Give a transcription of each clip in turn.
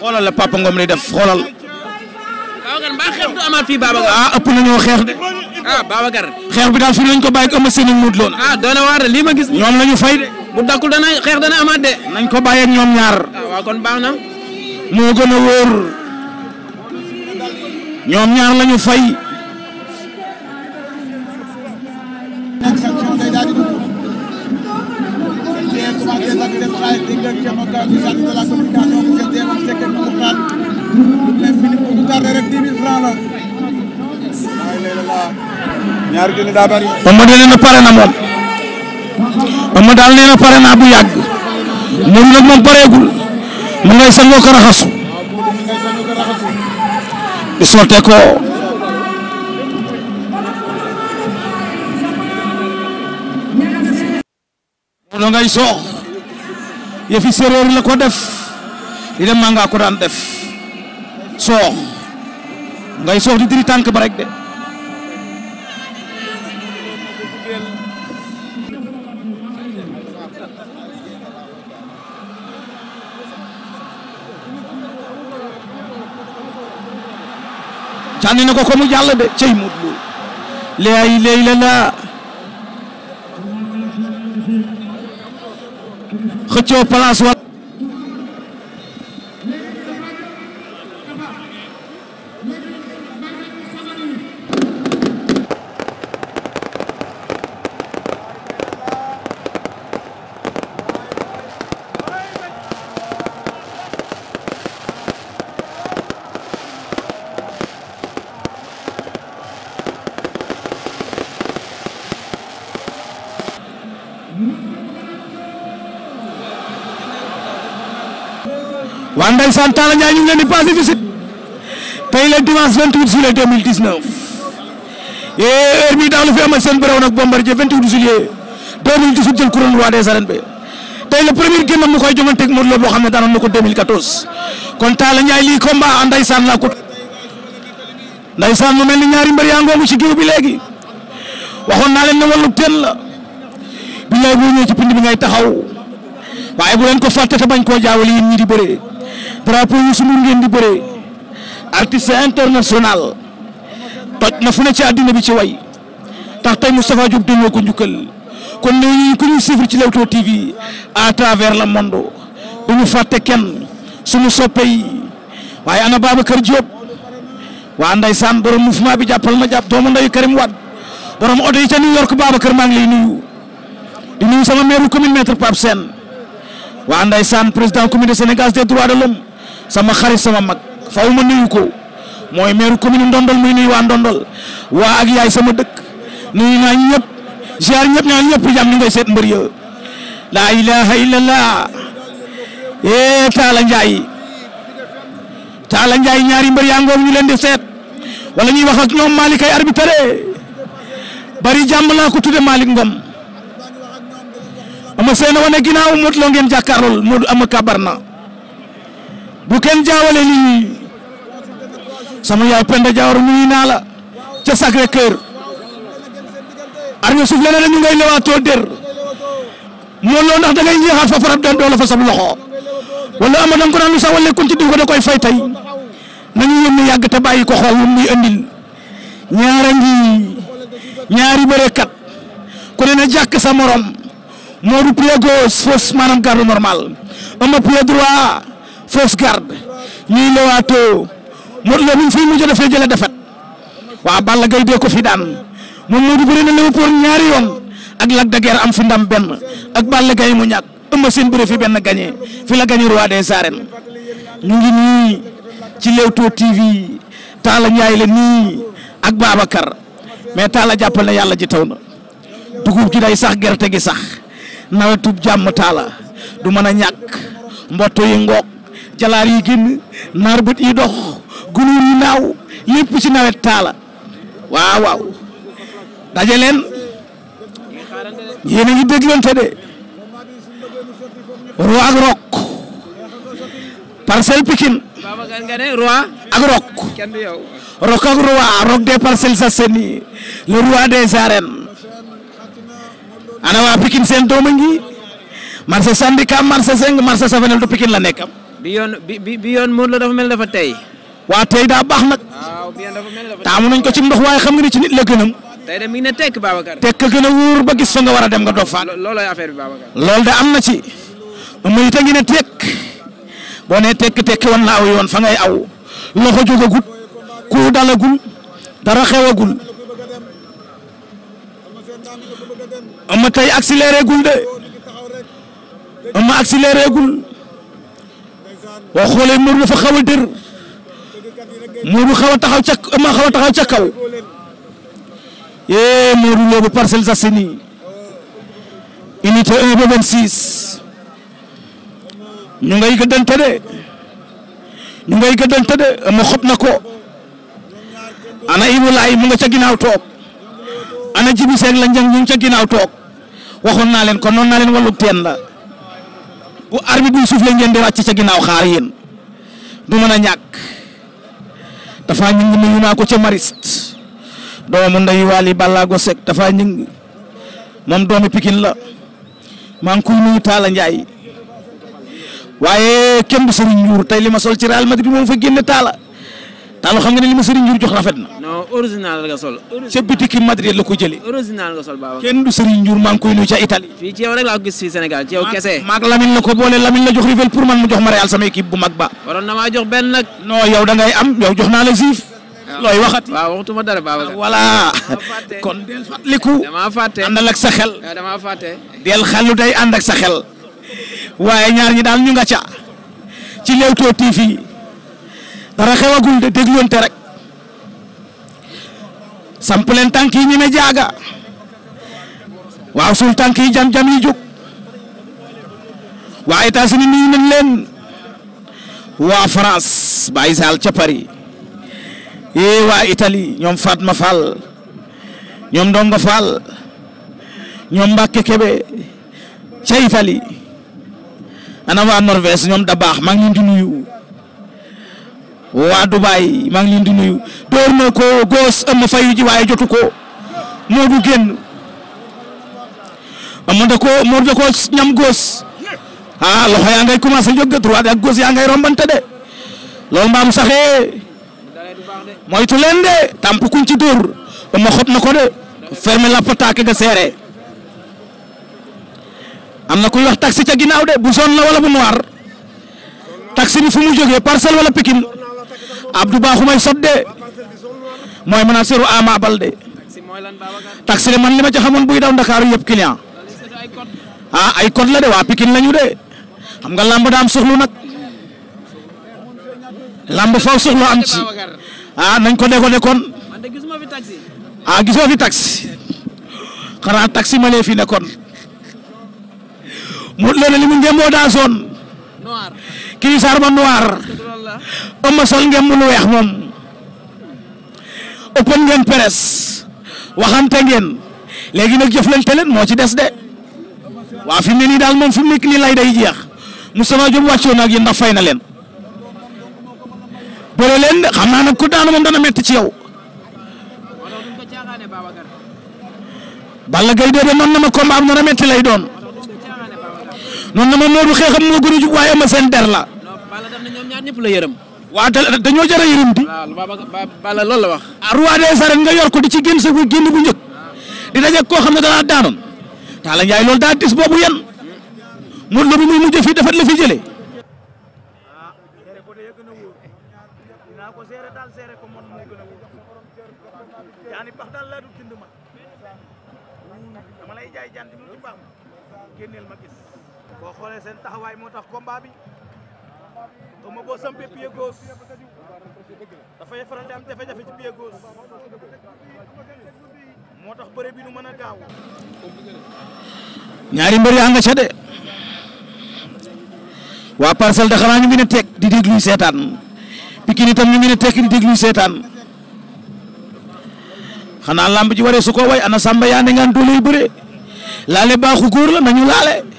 xoolal la Papa Ngom li def xoolal. Babacar mbaa xeex du amaat fii Babacar. ah ëpp nañoo xeex de. ah xeex bi daal fi lañ ko bàyyi ko am seen loon. ah doona waar de lii ma gis. ñoom la ñu fay de. bu dakkul dana xeex dana amaat de. nañ ko bàyyeeg ñoom ñaar. Ah, moo gën a wóor. ñoom ñaar la fay. des activités diggante Ocas du service bu ñu tardé pare na moom. Mamadou daal nee pare naa bu yàgg. Modou nag moom pareegul. mu ngay sangoo ko raxasu. di sotte ko. yëfi séeréer la ko def di dem maa ngaa ko daan def soox ngay soox di diri tànk ba rek de jànni ko ko mu jàll de cey mut lu léegi léegi la la xëccoo place wala waa ndeysaan Talla Ndiaye ñu ngi leen di passé visite tey le dimanche 28 juillet 2019 et eh, heure bii daal lu fi amal seen béréw nag Bombardier 28 juillet 2018 jël couronne roi des arènes bi tey le premier génnam mu koy jomanteeg Modou Lo boo xam ne daanoon na ko 2014 kon Talla Ndiaye lii combat ah ndeysaan laa ko ndeysaan mu mel ni ñaari mbër yaa ngoogu ci géew bi léegi waxoon naa leen ne wàllu teen la billaay boo ñëwee ci pind bi ngay taxaw waaye bu leen ko fàtte te koo jaawale yéen ñi di drapeau yi sunu ngeen di bëree artiste international toj na fu ne ci àddina bi ci way tax tey Moustapha Diop dañoo ko njukkal kon ne ñu ku ñuy suivre ci Leewtoo TV à travers le monde du ñu fàtte kenn sunu soppe yi waaye ana Babacar Diop waa ndeysaan borom mouvement bi jàppal ma jàpp doomu ndeyu Karim Wade borom oto yi ca New York Babacar maa ngi lay nuyu di nuyu sama maire commune maître Pape Sène waa ndeysaan président comité sénégal de l'homme sama xarit sama mag faw ma nuyu ko mooy maire commune Ndondol muy nuyu waa Ndondol waa ak yaay sama dëkk nuyu naa ñëpp ziar ñëpp ñaan ñëpp jàmm ni ngay seet mbër ya laa ilaha illallah ee Talla Ndiaye Talla Ndiaye ñaari mbër yaa ngoog ñu leen di seet wala ñuy wax ak ñoom Malick ay arbitre bari jàmm laa ko tudde Malick Ngom ama seena wane ginaaw Modou Lo ngeen jàkkaarlool Modou ama kabar na bu kenn jaawale lii sama yaay Penda Diawara nuyu naa la ca Sacré Cœur arño suuf leneen la ñu ngay lewaatoo der moo loo ndax da ngay njeexaat fa farab den doola fa sab loxo wala ama danga ko naan lu sax wala kunti diw ko da koy fay tay nañu yëm ni yàgg te bàyyi ko xool mu muy andil ñaara ngi ñaari bërekat ku ne na jàkk sa morom Modou pied gauche fausse maanaam garde normal ama pied droit fausse garde ñuy lewaatoo Modou Lo mi ngi fiy mujj dafay jëlee defet waaw Balla Gaye dee ko fi daan moom Modou bëri na Léopold ñaari yoon ak Lac de am fi ndam benn ak Balla Gaye mu ñàkk Eumeu Sène bëri fi benn gagné fi la gagné roi des arènes ñu ngi nii ci Leewtoo TV Talla Ndiaye la nii ak Babacar mais Talla jàppal na yàlla ji taw na dugub ji day sax gerte gi sax nawetub jàmm Talla du mën a ñàkk mbottu yi ngoog jalaar yi génn naar bët yi dox gunuur yi naaw lépp ci nawet taala waaw waaw daje leen yéen a ngi déglante de roi ak rok parcelle Pikine roi ak rok rok ak roi rok des parcelles Assainies le roi des arènes ana waa Pikine seen doom a ngi marché syndicat marché seng marché Savenel du Pikine la nekkam bi yoon bi bi yoon Modou Lo dafa mel dafa tey. waa tey daa baax nag. waaw bi yoon dafa taamu nañ ko ci ndox waaye xam nga ni ci nit la gënam. tey de mi ngi ne tekk Babacar. tekk gën a wóor ba gis fa nga war a dem nga doog faat. loolooy affaire bi Babacar. am na ci. muy itam ngi ne tekk boo nee tekk tekki wan na aw yoon fa ngay aw loxo jógagul ku dalagul dara xewagul. ama tey accéléré de ama accéléré boo xoolee Modou dafa xaw a dër Modou xaw a taxaw ca a taxaw ca kaw yee Modou Lo bu Parcelles Assainies unité 1 ba 26 ñu ngay gëddante de ñu ngay de ama xob na ko ana Ibou Laye nga ca ginaaw toog ana Jibi Seck la njang ñu ngi ca ginnaaw toog waxoon naa leen kon noonu naa leen teen la. bu arbitre suuf soufflé geen di wàcc ca ginnaaw xaar yéen du mën a ñàkk dafa ñu ngi nuyu naa ko ca mariste doomu ndeyu Waly Ballago Seck dafa ñu ngi moom doomi Pikine la man ngi koy nuyu Talla waaye kenn du Serigne Ndiour tey li ma sol ci Real Madrid moom fa génne Talla Talla xam nga ne li ma jox rafet na non original la nga sol. ca bitiki Madrid la ko jëlee. original nga sol baba. kenn du Serigne Ndiour maa ngi koy nuyu ca Italie. fii ci yow ko la ko boole Lamine la jox rivel pour man mu jox ma Real sama équipe bu mag ba. waroon na maa jox da ngay am yow la Juve. looy waxati waaw waxtuma dara baba. Ah, voilà kon del fàttaliku. damaa fàtte àndal ak sa xel. Ah, del xelu day ànd ak sa xel. waaye ñaar ñi daal ñu nga ca. ci Leewtoo TV dara xewagul de dégluwante rek samp leen tànk yi ñeme jaaga waaw suul tànk yi jam-jam yi jóg waa États-Unis nuyu nañ waa France bàyyi saal ca Paris ee eh, waa Italie ñoom Fatma Fall ñoom Ndongo Fall ñoom Mbacke Kebe ca Italie ana waa Norvège ñoom da baax maa ngi leen waa Dubaay maa ngi leen di nuyu door na ko góos am fayu ji jotu ko Modou génn am na ko Modou da ko ñam góos ah loxo yaa ngay commencé jóg de droit ak góos yaa ngay rombante de loolu mbaam saxee moytu leen de tamp kuñ ci dóor na xob na ko de ferme la pataake ga seere am na ku wax taxi ca ginnaaw de bu zone la bu noir taxi bi fu mu jógee parcelle wala Pikine Abdou Ba xumay sot de mooy manager u Ama Baldé taxi de man li ma ci xamoon buy daw Ndakaaru yëpp client ah ay code la de waa Pikine lañu de xam nga làmb daam soxlu nag lamb faw soxlu am ci ah nañ ko déggoo kon ah gisoo fi taxi xanaa taxi ma lee fi nekkoon mu loolu li mu ngémboo daa kii saar ba noir ëmma sol ngeen mu weex moom ëppoon ngeen presse waxante ngeen léegi nag jëflante leen moo ci des de waa fi ne nii daal moom fi mu nekk nii lay day jeex Moustapha Diop wàccoon ak yéen ndax fay na leen bëre leen xam naa nag ku daanu moom dana metti ci yow Balla Gaye de noonu na ma combat am dana metti lay doon noonu na ma Modou xeexam moo gën a jub waaye ama seen der la ñaar ñëpp la yërëm. waa dañoo jar a yërëm di. waaw loolu la wax. ah roi des arènes nga yor ko di ci génn sa génn bu njëkk di dajeeg koo xam ne danaa daanoon Talla Ndiaye loolu daa dis boobu yan mun la bi muy mujj fii dafa la fi jëlee. boo xoolee seen taxawaay moo tax combat Eumeu boo dafay faral moo tax bëre bi mën a gaaw. ñaari mbër yaa nga ca de waa parcelle de ñu ngi ne teg di déglu seetaan Pikine itam ñu ngi ne teg di déglu seetaan xanaa lamb ji waree su ko way ana Samba yaa ne ngaan doole laale baaxu góor la nañu laale.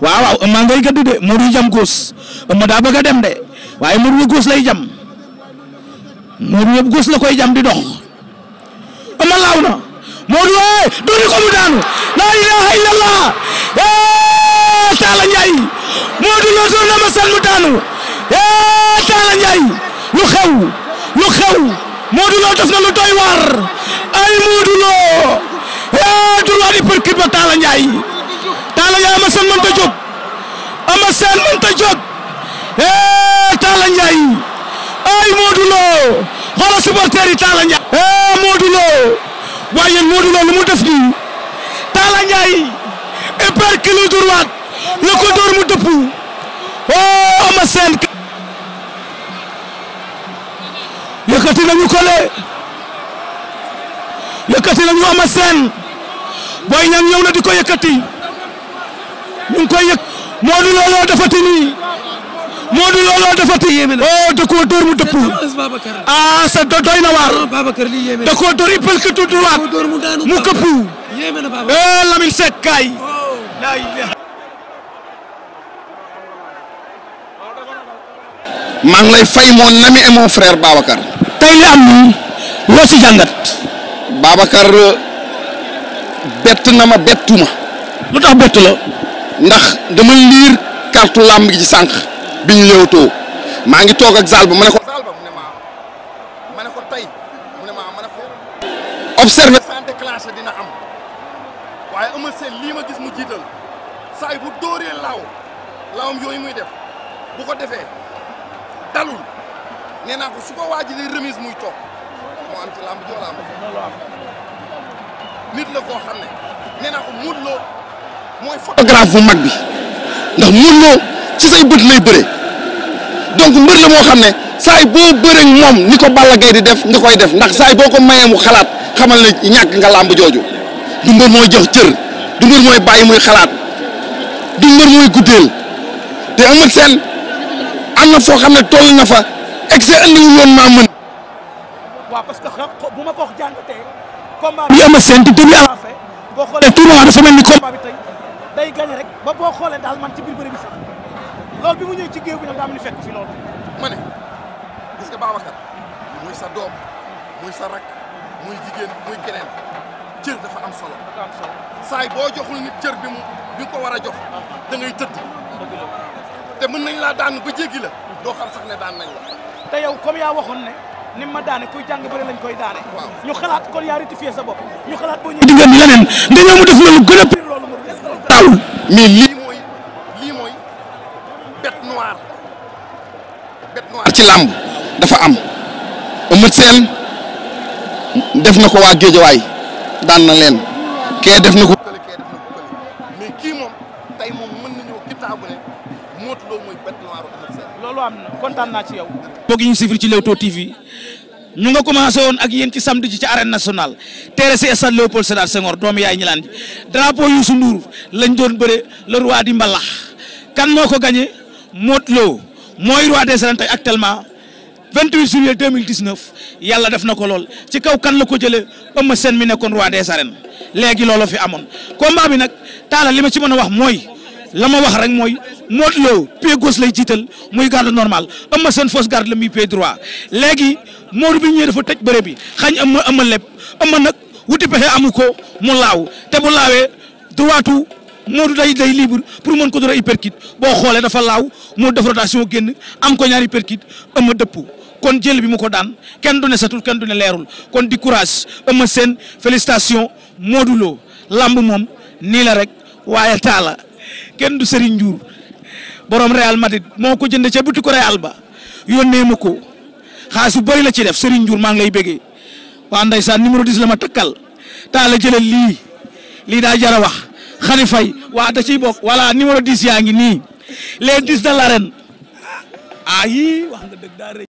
waaw waaw ëmma ngay gëdd de Modou jam góos ëmma daa bëgg a dem de waaye Modou ba góos lay jam Modou ba góos la koy jam di dox ëmma laaw na Modou ee doori ee Talla Ndiaye Modou Lo doon eh, ba Talla Ndiaye Talla Ndiaye mënta jóg Eumeu mënta jóg hee eh, Talla Ndiaye ay Modou Lo xoolal supporter yi eh, waaye yéen lu mu def nii Talla Ndiaye épercule droite la ko dóor mu dëpp oh Eumeu Sène. yëkkati nañu ko le yëkkati nañu Eumeu Sène Boy Niang ñëw na di ko yëkkati. ñu ngi koy yëg Modou Lo looloo defati nii Modou Lo looloo defati. yéeme oh, mu dëpp. ah sa doy na waar. Oh, da koo dóor i pël këtu mu këpp. eh Lamine Seck kaay. Oh. maa ngi lay fay moo ami et mon frère Babacar. tey li am si jàngat. Babacar bett na ma bettuma. lu tax bett la. ndax dama liir kartu làmb gi ci sànq bi ñu léewtoo maa ngi toog ak Zalba ma ne ko. Zalba mu ne maa ma ne ko tey mu ne maa ma ne ko. observé. santé classé dina am waaye Eumeu Sène lii ma gis mu jiital saa yi bu dóoree laaw laawam yooyu muy def bu ko defee dalul nee naa ko su ko waaj di remise muy toog moo am ci nit la koo xam ne nee ko muut loo. mooy photographe bu mag bi ndax Modou Lo ci say bët lay bëre donc mbër la moo xam ne saay boo bëree moom ni ko Balla Gaye di def nga koy def ndax saay boo ko mayee mu xalaat xamal na ñàkk nga làmb jooju du mbër mooy jox cër du mbër mooy bàyyi muy xalaat du mbër mooy guddeel te Eumeu Sène am na foo xam ne toll na fa excès andiwul woon maa mën. waaw parce que xam bu ma ko jàngatee. combat bi Eumeu Sène te début à. boo xoolee dafa mel ni combat day gagné rek ba boo xoolee daal man ci biir bëri bi loolu bi mu ñëwee ci géew bi nag daa mel ni fekk fi loolu. ma ne gis nga Babacar muy sa doom muy sa rak muy jigéen muy keneen cër dafa am solo. dafa am solo saay boo joxul nit cër bi mu bi nga ko war a jox. da ngay tëdd. te mën nañ laa daan ba jéggi la. doo xam sax ne daan nañ la. te yow comme yaa waxoon ne. ni ma daane kuy jàng bëri lañ koy daane. ñu xalaat kon yaa rectifié sa bopp. ñu xalaat boo ñëwee. diggante leneen nga ñëw mu def loolu gën taal mais lii mooy lii mooy bête noire bête noire ci làmb dafa am Eumeu seen def na ko waa Géejawaay daan na leen kee def na ko kële kee def mais kii moom tey moom mën nañoo kitaabu ne Modou Lo loolu am na kontaan naa ci yow boo ñu sifir ci Leewtoo TV ñu nga commencé woon ak yéen ci samedi ji ci arène nationale teere si stade Léopold Sédar Senghor doomu yaay ñilaan ji drapeau Youssou Ndour lañ doon bëre le roi di mbalax kan moo ko gagné Modou Lo mooy roi des arènes tey actuellement 28 juillet 2019 yàlla def na ko lool ci kaw kan la ko jëlee Eumeu seen mi nekkoon roi des arènes léegi loolu fi amoon combat bi nag taala li ma ci mën a wax mooy la ma wax rek mooy Modou Lo pied gauche lay jiital muy garde normal Eumeu Sène fausse garde la muy pied droit léegi Modou bi ñëwee dafa tëj bëre bi xañ Eumeu Eumeu lépp Eumeu nag wuti pexe amu ko mu laaw te bu laawee droitu Modou day day libre pour mën ko dora uppercut boo xoolee dafa laaw moo def rotation génn am ko ñaari uppercut Eumeu dëpp kon jël bi mu ko daan kenn du ne setul kenn du ne leerul kon di courage Eumeu Sène félicitation Modou Lo lamb moom nii la rek waaye taala kenn du Serigne Ndiour borom Real Madrid moo ko jënd ca butiku Real ba yónnee ma ko xaalis su bari la ci def Serigne Ndiour maa ngi lay bëggee waa ndeysaan numéro 10 la ma tëkkal taa la jëlal lii lii daa jar a wax xani fay waa da ciy bokk voilà numéro diis yaa ngi nii les 10 de l'arène ah, wax nga dëgg daa rëy